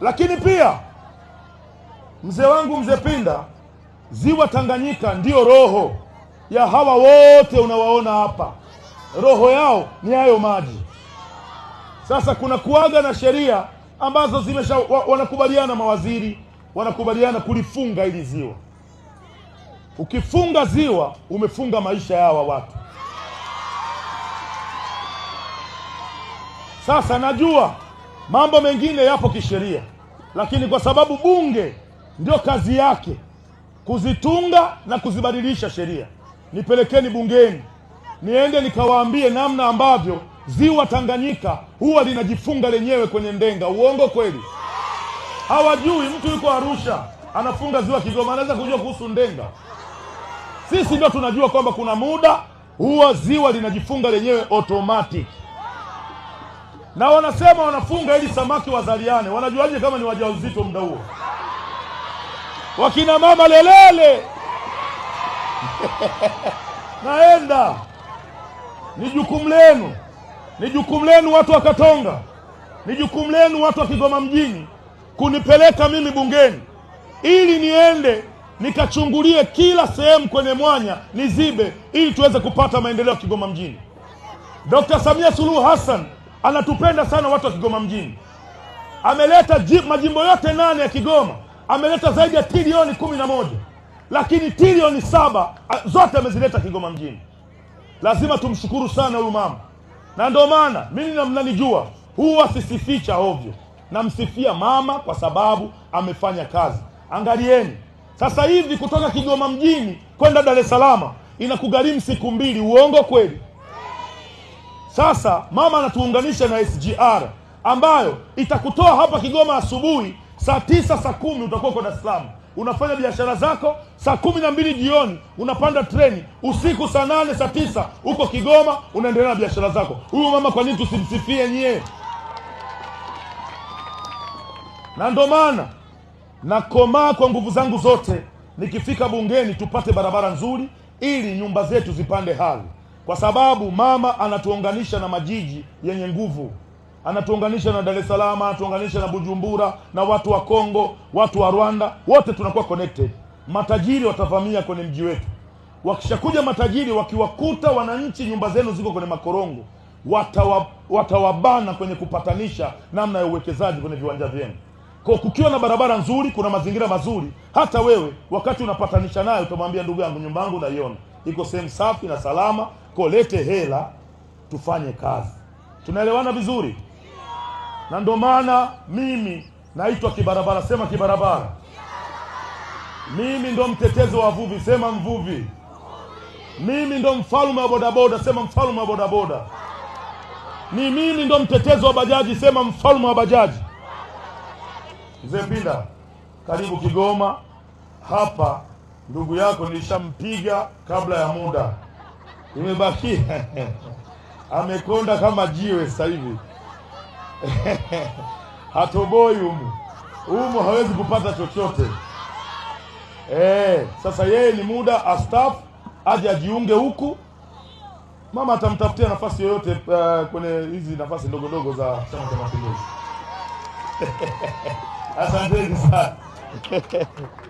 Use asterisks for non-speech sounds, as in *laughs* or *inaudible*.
Lakini pia mzee wangu mzee Pinda, ziwa Tanganyika ndiyo roho ya hawa wote unawaona hapa, roho yao ni hayo maji. Sasa kuna kuaga na sheria ambazo zimesha wa, wanakubaliana mawaziri wanakubaliana kulifunga hili ziwa. Ukifunga ziwa umefunga maisha ya hawa watu. Sasa najua Mambo mengine yapo kisheria, lakini kwa sababu bunge ndio kazi yake kuzitunga na kuzibadilisha sheria, nipelekeni bungeni niende nikawaambie namna ambavyo ziwa Tanganyika huwa linajifunga lenyewe kwenye ndenga. Uongo kweli? Hawajui. Mtu yuko Arusha anafunga ziwa Kigoma, anaweza kujua kuhusu ndenga? Sisi ndio tunajua kwamba kuna muda huwa ziwa linajifunga lenyewe automatic na wanasema wanafunga ili samaki wazaliane. Wanajuaje kama ni wajawazito muda huo? Wakina mama lelele *laughs* naenda, ni jukumu lenu, ni jukumu lenu watu wa Katonga, ni jukumu lenu watu wa Kigoma mjini kunipeleka mimi bungeni ili niende nikachungulie kila sehemu kwenye mwanya nizibe, ili tuweze kupata maendeleo ya Kigoma mjini. Dr. Samia Suluhu Hassan anatupenda sana watu wa Kigoma mjini. Ameleta majimbo yote nane ya Kigoma, ameleta zaidi ya trilioni kumi na moja, lakini trilioni saba zote amezileta Kigoma mjini. Lazima tumshukuru sana huyu mama, na ndio maana mimi mnanijua, huwa sisificha ovyo, namsifia mama kwa sababu amefanya kazi. Angalieni sasa hivi kutoka Kigoma mjini kwenda Dar es Salaam inakugharimu siku mbili, uongo kweli? Sasa mama anatuunganisha na SGR ambayo itakutoa hapa Kigoma asubuhi saa tisa saa kumi utakuwa kwa Dar es unafanya biashara zako. Saa kumi na mbili jioni unapanda treni, usiku saa nane saa tisa uko Kigoma unaendelea na biashara zako. Huyu mama kwa nini tusimsifie nyie? Na ndo maana nakomaa kwa nguvu zangu zote nikifika bungeni tupate barabara nzuri, ili nyumba zetu zipande hali kwa sababu mama anatuunganisha na majiji yenye nguvu, anatuunganisha na Dar es Salaam, anatuunganisha na Bujumbura na watu wa Kongo, watu wa Rwanda, wote tunakuwa connected. Matajiri watavamia kwenye mji wetu. Wakishakuja matajiri, wakiwakuta wananchi nyumba zenu ziko kwenye makorongo, watawabana watawabana kwenye kupatanisha namna ya uwekezaji kwenye viwanja vyenu. Kwa kukiwa na barabara nzuri, kuna mazingira mazuri, hata wewe wakati unapatanisha naye utamwambia, ndugu yangu, nyumba yangu naiona iko sehemu safi na salama kolete hela tufanye kazi. Tunaelewana vizuri? Na ndio maana mimi naitwa kibarabara. Sema kibarabara. Mimi ndo mtetezi wa wavuvi. Sema mvuvi. Mimi ndo mfalme wa bodaboda. Sema mfalme wa bodaboda. Ni mimi ndo mtetezi wa bajaji. Sema mfalme wa bajaji. Mzee Pinda, karibu Kigoma. Hapa ndugu yako nilishampiga kabla ya muda imebakia amekonda kama jiwe sasa hivi hatoboi humu humu, hawezi kupata chochote eh. Sasa yeye ni muda astaf aje ajiunge huku, mama atamtafutia nafasi yoyote uh, kwenye hizi nafasi ndogo ndogo za Chama cha Mapinduzi. *laughs* Asanteni sana. *laughs*